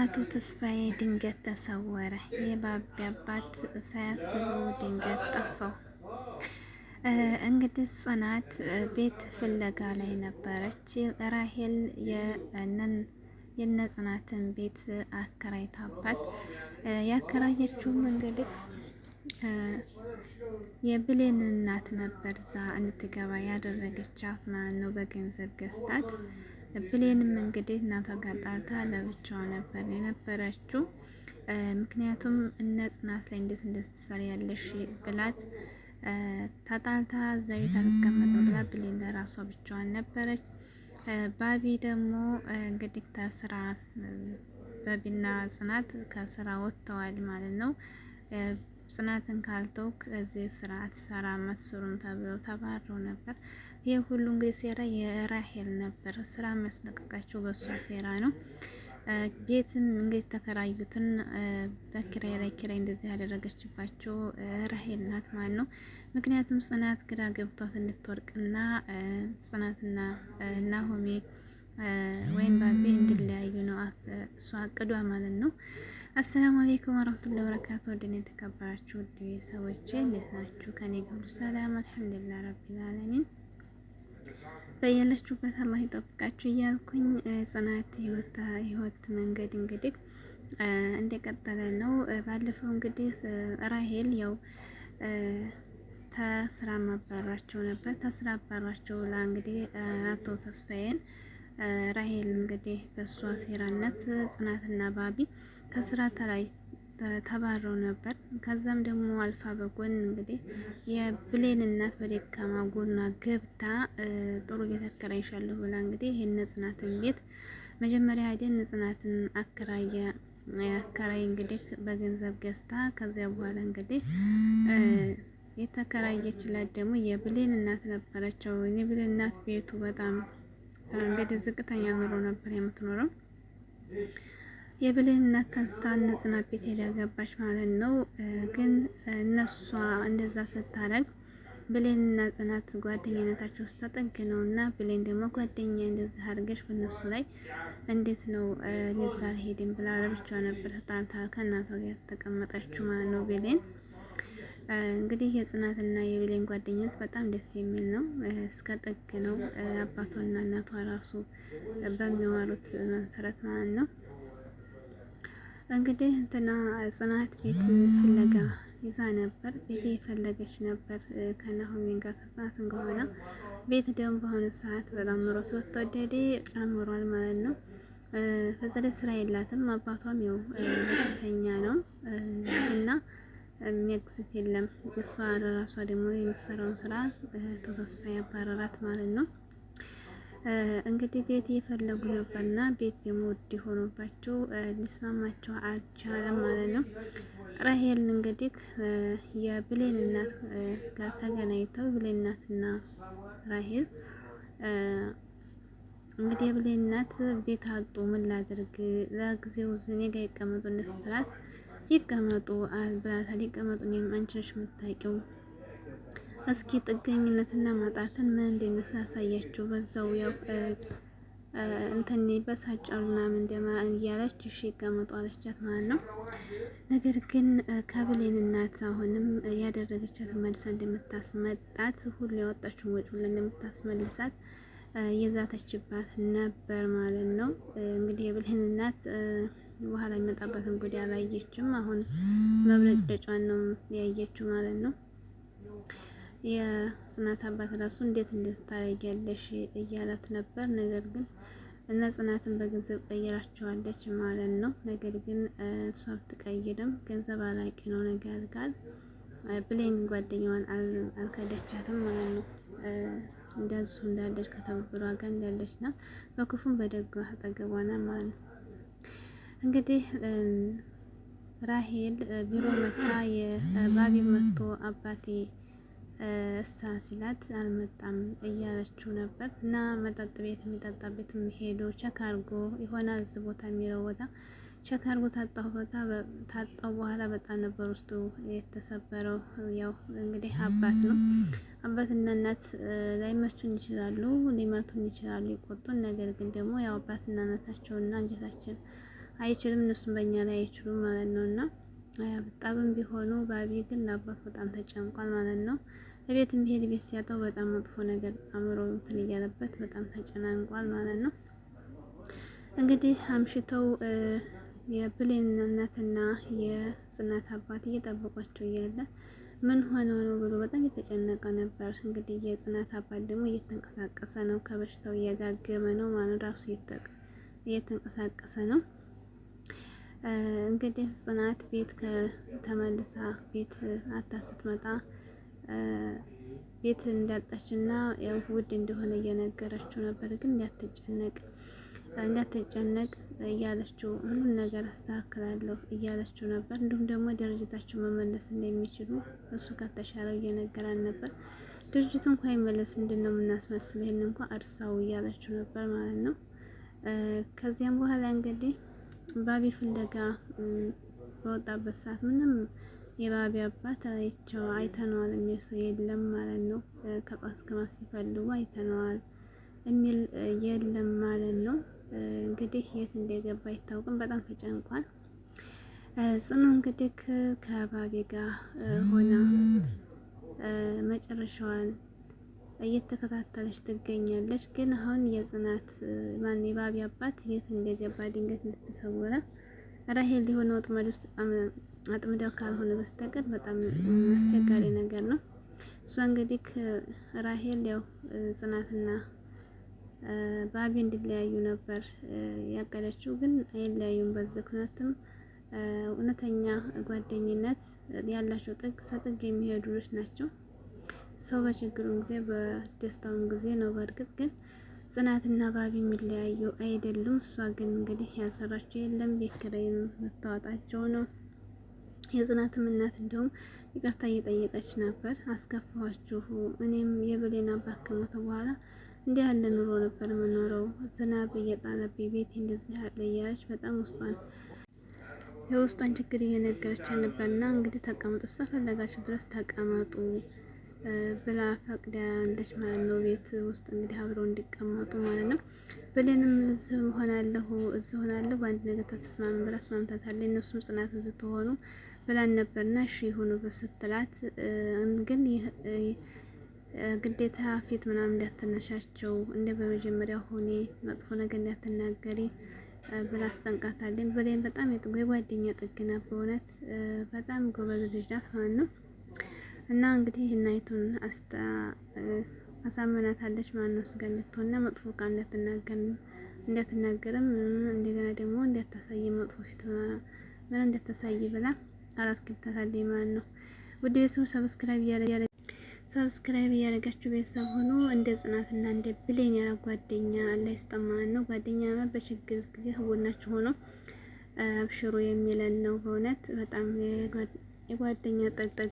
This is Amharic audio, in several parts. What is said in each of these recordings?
አቶ ተስፋዬ ድንገት ተሰወረ። የባቢ አባት ሳያስቡ ድንገት ጠፋው። እንግዲህ ጽናት ቤት ፍለጋ ላይ ነበረች። ራሄል የነ ጽናትን ቤት አከራይታባት ያከራየችውም እንግዲህ የብሌን እናት ነበር። ዛ እንድትገባ ያደረገቻት ማን ነው በገንዘብ ገዝታት ብሌንም እንግዲህ እናቷ ጋር ጣልታ ለብቻዋ ነበር የነበረችው። ምክንያቱም እነ ጽናት ላይ እንዴት እንደዚህ ያለሽ ብላት ተጣልታ እዛ ቤት አልቀመጥም ብላ ብሌን ለራሷ ብቻዋን ነበረች። ባቢ ደግሞ እንግዲህ ከስራ በቢና ጽናት ከስራ ወጥተዋል ማለት ነው። ጽናትን ካልተውክ እዚህ ስራ አትሰራም አትሰሩም ተብለው ተባረው ነበር። ይህ ሁሉ እንግዲህ ሴራ የራሄል ነበር። ስራ የሚያስለቀቃቸው በእሷ ሴራ ነው። ቤትም እንግዲህ ተከራዩትን በኪራይ ላይ ኪራይ እንደዚህ ያደረገችባቸው ራሄል ናት ማለት ነው። ምክንያቱም ጽናት ግራ ገብቷት እንድትወርቅና ጽናትና ናሆሜ ወይም ባቤ እንዲለያዩ ነው እሷ አቅዷ ማለት ነው። አሰላሙ አሌይኩም ወረህመቱላሂ ወበረካቱ ወደኔ የተከበራችሁ ውድ ቤተሰቦቼ እንዴት ናችሁ? ከኔ ጋር ሁሉ ሰላም አልሐምዱሊላህ ረቢል አለሚን በየለችሁበት አላህ ይጠብቃችሁ እያልኩኝ ጽናት ህይወት መንገድ እንግዲህ እንደቀጠለ ነው። ባለፈው እንግዲህ ራሄል ያው ተስራ ማባራቸው ነበር። ተስራ አባራቸው ላ እንግዲህ አቶ ተስፋዬን ራሄል እንግዲህ በእሷ ሴራነት ጽናትና ባቢ ከስራ ተላይ ተባረው ነበር። ከዛም ደግሞ አልፋ በጎን እንግዲህ የብሌን እናት በደካማ ጎኗ ገብታ ጥሩ ቤት አከራይሻለሁ ብላ እንግዲህ ይህን ጽናትን ቤት መጀመሪያ ሄደን ጽናትን አከራየ አከራይ እንግዲህ በገንዘብ ገዝታ ከዚያ በኋላ እንግዲህ የተከራየችላት ደግሞ የብሌን እናት ነበረቸው። የብሌን እናት ቤቱ በጣም እንግዲህ ዝቅተኛ ኑሮ ነበር የምትኖረው። የብልህነት እናት ተንስታ ነጽናት ቤት ሄዳ ገባች ማለት ነው። ግን እነሷ እንደዛ ስታረግ ብሌንና ጽናት ጓደኝነታቸው ውስጥ ተጠግ ነው እና ብሌን ደግሞ ጓደኛ እንደዚህ አድርገሽ በእነሱ ላይ እንዴት ነው እንደዛ አልሄድም ብላ ለብቻ ነበር ተጣልታ ከእናቷ ጋር የተቀመጠችው ማለት ነው። ብሌን እንግዲህ የጽናትና የብሌን ጓደኝነት በጣም ደስ የሚል ነው። እስከ ጥግ ነው። አባቷና እናቷ ራሱ በሚዋሉት መሰረት ማለት ነው። እንግዲህ እንትና ጽናት ቤት ፍለጋ ይዛ ነበር። ቤት የፈለገች ነበር ከናሆሜን ጋር ከጽናት እንደሆነ ቤት ደግሞ በአሁኑ ሰዓት በጣም ኑሮ ስለተወደደ ጨምሯል ማለት ነው። ፈዘለ ስራ የላትም። አባቷም ያው በሽተኛ ነው እና የሚያግዝት የለም። እሷ ለራሷ ደግሞ የምትሰራውን ስራ ተተስፋ ያባረራት ማለት ነው። እንግዲህ ቤት እየፈለጉ ነበርና ቤት ደግሞ ውድ ሆኖባቸው ሊስማማቸው አልቻለም ማለት ነው። ራሄል እንግዲህ የብሌን እናት ጋር ተገናኝተው ብሌን እናትና ራሄል እንግዲህ የብሌን እናት ቤት አጡ፣ ምን ላድርግ ለጊዜው እኔ ጋ ይቀመጡ ስትላት ይቀመጡ አልብላታል። ይቀመጡ እኔም አንቺ ነሽ የምታውቂው እስኪ ጥገኝነትና ማጣትን ምን እንደሚመስል አሳያችሁ። በዛው ያው እንትን በሳጫሉ ምናምን እንደማ እያለች እሺ ይቀመጡ ማለት ነው። ነገር ግን ከብሌን እናት አሁንም ያደረገቻት መልሳ እንደምታስመጣት ሁሉ ያወጣችውን ወጪ ሁሉ እንደምታስመልሳት የዛተችባት ነበር ማለት ነው። እንግዲህ የብሌን እናት በኋላ የሚመጣበትን ጉዳይ አላየችም። አሁን መብለጭለጫን ነው ያየችው ማለት ነው። የጽናት አባት ራሱ እንዴት እንዴት እያላት ነበር። ነገር ግን እነ ጽናትን በገንዘብ ቀይራቸዋለች ማለት ነው። ነገር ግን እሷ ብትቀይርም ገንዘብ አላቂ ነው ነገር ጋር ብሌን ጓደኛዋን አልካደቻትም ማለት ነው። እንደዙ እንዳለች ከተብብሯ ጋር እንዳለች ናት። በክፉም በደጉ አጠገቧና ማለት ነው። እንግዲህ ራሄል ቢሮ መታ የባቢ መቶ አባቴ እሳ ሲላት አልመጣም እያለችው ነበር እና መጠጥ ቤት የሚጠጣ ቤት ሄዶ ቸክ አርጎ የሆነ እዝ ቦታ የሚለው ቦታ ቸክ አርጎ ታጣሁ ቦታ ታጣው በኋላ በጣም ነበር ውስጡ የተሰበረው። ያው እንግዲህ አባት ነው። አባትና እናት ላይመቱን ይችላሉ፣ ሊመቱን ይችላሉ፣ ይቆጡን። ነገር ግን ደግሞ ያው አባትና እናታቸውና እንጀታችን አይችልም እነሱም በእኛ ላይ አይችሉም ማለት ነው እና በጣም ቢሆኑ ባቢ ግን ለአባት በጣም ተጨንቋል ማለት ነው። ቤት የሚሄድ ቤት ሲያጣው በጣም መጥፎ ነገር አእምሮ እንትን እያለበት በጣም ተጨናንቋል ማለት ነው። እንግዲህ አምሽተው የብሌን እናትና የጽናት አባት እየጠበቋቸው እያለ ምን ሆነ ነው ብሎ በጣም የተጨነቀ ነበር። እንግዲህ የጽናት አባት ደግሞ እየተንቀሳቀሰ ነው፣ ከበሽታው እያጋገመ ነው ማለት ራሱ እየተንቀሳቀሰ ነው። እንግዲህ ጽናት ቤት ከተመልሳ ቤት አታ ስትመጣ ቤት እንዳጣችና ያው ውድ እንደሆነ እየነገረችው ነበር። ግን እንዳትጨነቅ እንዳትጨነቅ እያለችው ሁሉን ነገር አስተካክላለሁ እያለችው ነበር። እንዲሁም ደግሞ ድርጅታቸው መመለስ እንደሚችሉ እሱ ከተሻለው እየነገራን ነበር። ድርጅቱ እንኳ ይመለስ ምንድን ነው የምናስመስል? ይህን እንኳ እርሳው እያለችው ነበር ማለት ነው። ከዚያም በኋላ እንግዲህ ባቢ ፍለጋ በወጣበት ሰዓት ምንም የባቢ አባት አይቸው አይተነዋል የሚል ሰው የለም ማለት ነው። ከጳስከማት ሲፈልጉ አይተነዋል የሚል የለም ማለት ነው። እንግዲህ የት እንደገባ አይታወቅም። በጣም ተጨንቋል። ጽኑ እንግዲህ ከባቢ ጋር ሆና መጨረሻዋን እየተከታተለች ትገኛለች። ግን አሁን የጽናት ማን የባቢ አባት የት እንደገባ ድንገት እንደተሰወረ ራሄል የሆነ ወጥመድ ውስጥ አጥምደው ካልሆነ በስተቀር በጣም አስቸጋሪ ነገር ነው። እሷ እንግዲህ ራሄል ያው ጽናትና ባቢ እንዲለያዩ ነበር ያቀደችው፣ ግን አይለያዩም። በዚህ ኩነትም እውነተኛ ጓደኝነት ያላቸው ጥግ ሰጥግ የሚሄዱ ልጆች ናቸው። ሰው በችግሩም ጊዜ በደስታውም ጊዜ ነው። በእርግጥ ግን ጽናትና ባቢ የሚለያዩ አይደሉም። እሷ ግን እንግዲህ ያሰራቸው የለም ቤት ኪራይ ልታወጣቸው ነው። የጽናትም እናት እንደውም ይቅርታ እየጠየቀች ነበር። አስከፋችሁ፣ እኔም የብሌን አባት ከሞተ በኋላ እንዲህ ያለ ኑሮ ነበር የምኖረው፣ ዝናብ እየጣለብኝ ቤት እንደዚህ ያለ እያለች በጣም ውስጧን የውስጧን ችግር እየነገረች ነበርና እንግዲህ ተቀምጡ፣ እስከፈለጋችሁ ድረስ ተቀመጡ ብላ ፈቅዳ ያለች ማለት ነው። ቤት ውስጥ እንግዲህ አብረው እንዲቀመጡ ማለት ነው። ብሌንም እዚህ ሆናለሁ እዚህ ሆናለሁ በአንድ ነገር ተስማምን ብላ አስማምታታለች። እነሱም ጽናት እዚህ ተሆኑ ብላን ነበርና እሺ ይሁኑ ስትላት ግን ግዴታ ፊት ምናምን እንዳትነሻቸው እንደ በመጀመሪያ ሆኔ መጥፎ ነገር እንዳትናገሪ ብላ አስጠንቃታለች። ብሌን በጣም የጓደኛ ጥግና በእውነት በጣም ጎበዝ ልጅ ናት ማለት ነው። እና እንግዲህ እናይቱን አሳምናታለች ማለት ነው። ስጋ እንድትሆንና መጥፎ ቃ እንዳትናገርም እንደገና ደግሞ እንዳታሳይ መጥፎ ፊት ምን እንዳታሳይ ብላ አላስገብታታለች ማለት ነው። ውድ ቤተሰብ ሰብስክራይብ እያለ ሰብስክራይብ እያደረጋችሁ ቤተሰብ ሆኖ እንደ ጽናትና እንደ ብሌን ያለ ጓደኛ ላይ ስጠማን ነው። ጓደኛ ማለት በችግር ጊዜ ህቦናችሁ ሆኖ አብሽሩ የሚለን ነው። በእውነት በጣም የጓደኛ ጠቅጠቅ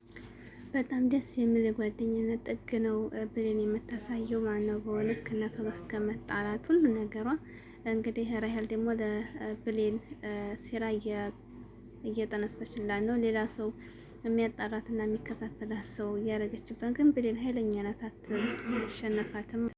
በጣም ደስ የሚል የጓደኝነት ጥግ ነው ብሌን የምታሳየው ማለት ነው። በእውነት ከእናቷ ጋር እስከመጣላት ሁሉ ነገሯ እንግዲህ ራሄል ደግሞ ለብሌን ሴራ እየጠነሰችላት ነው። ሌላ ሰው የሚያጣራትና የሚከታተላት ሰው እያደረገችበት፣ ግን ብሌን ሀይለኛ ናት፣ አትሸነፋትም።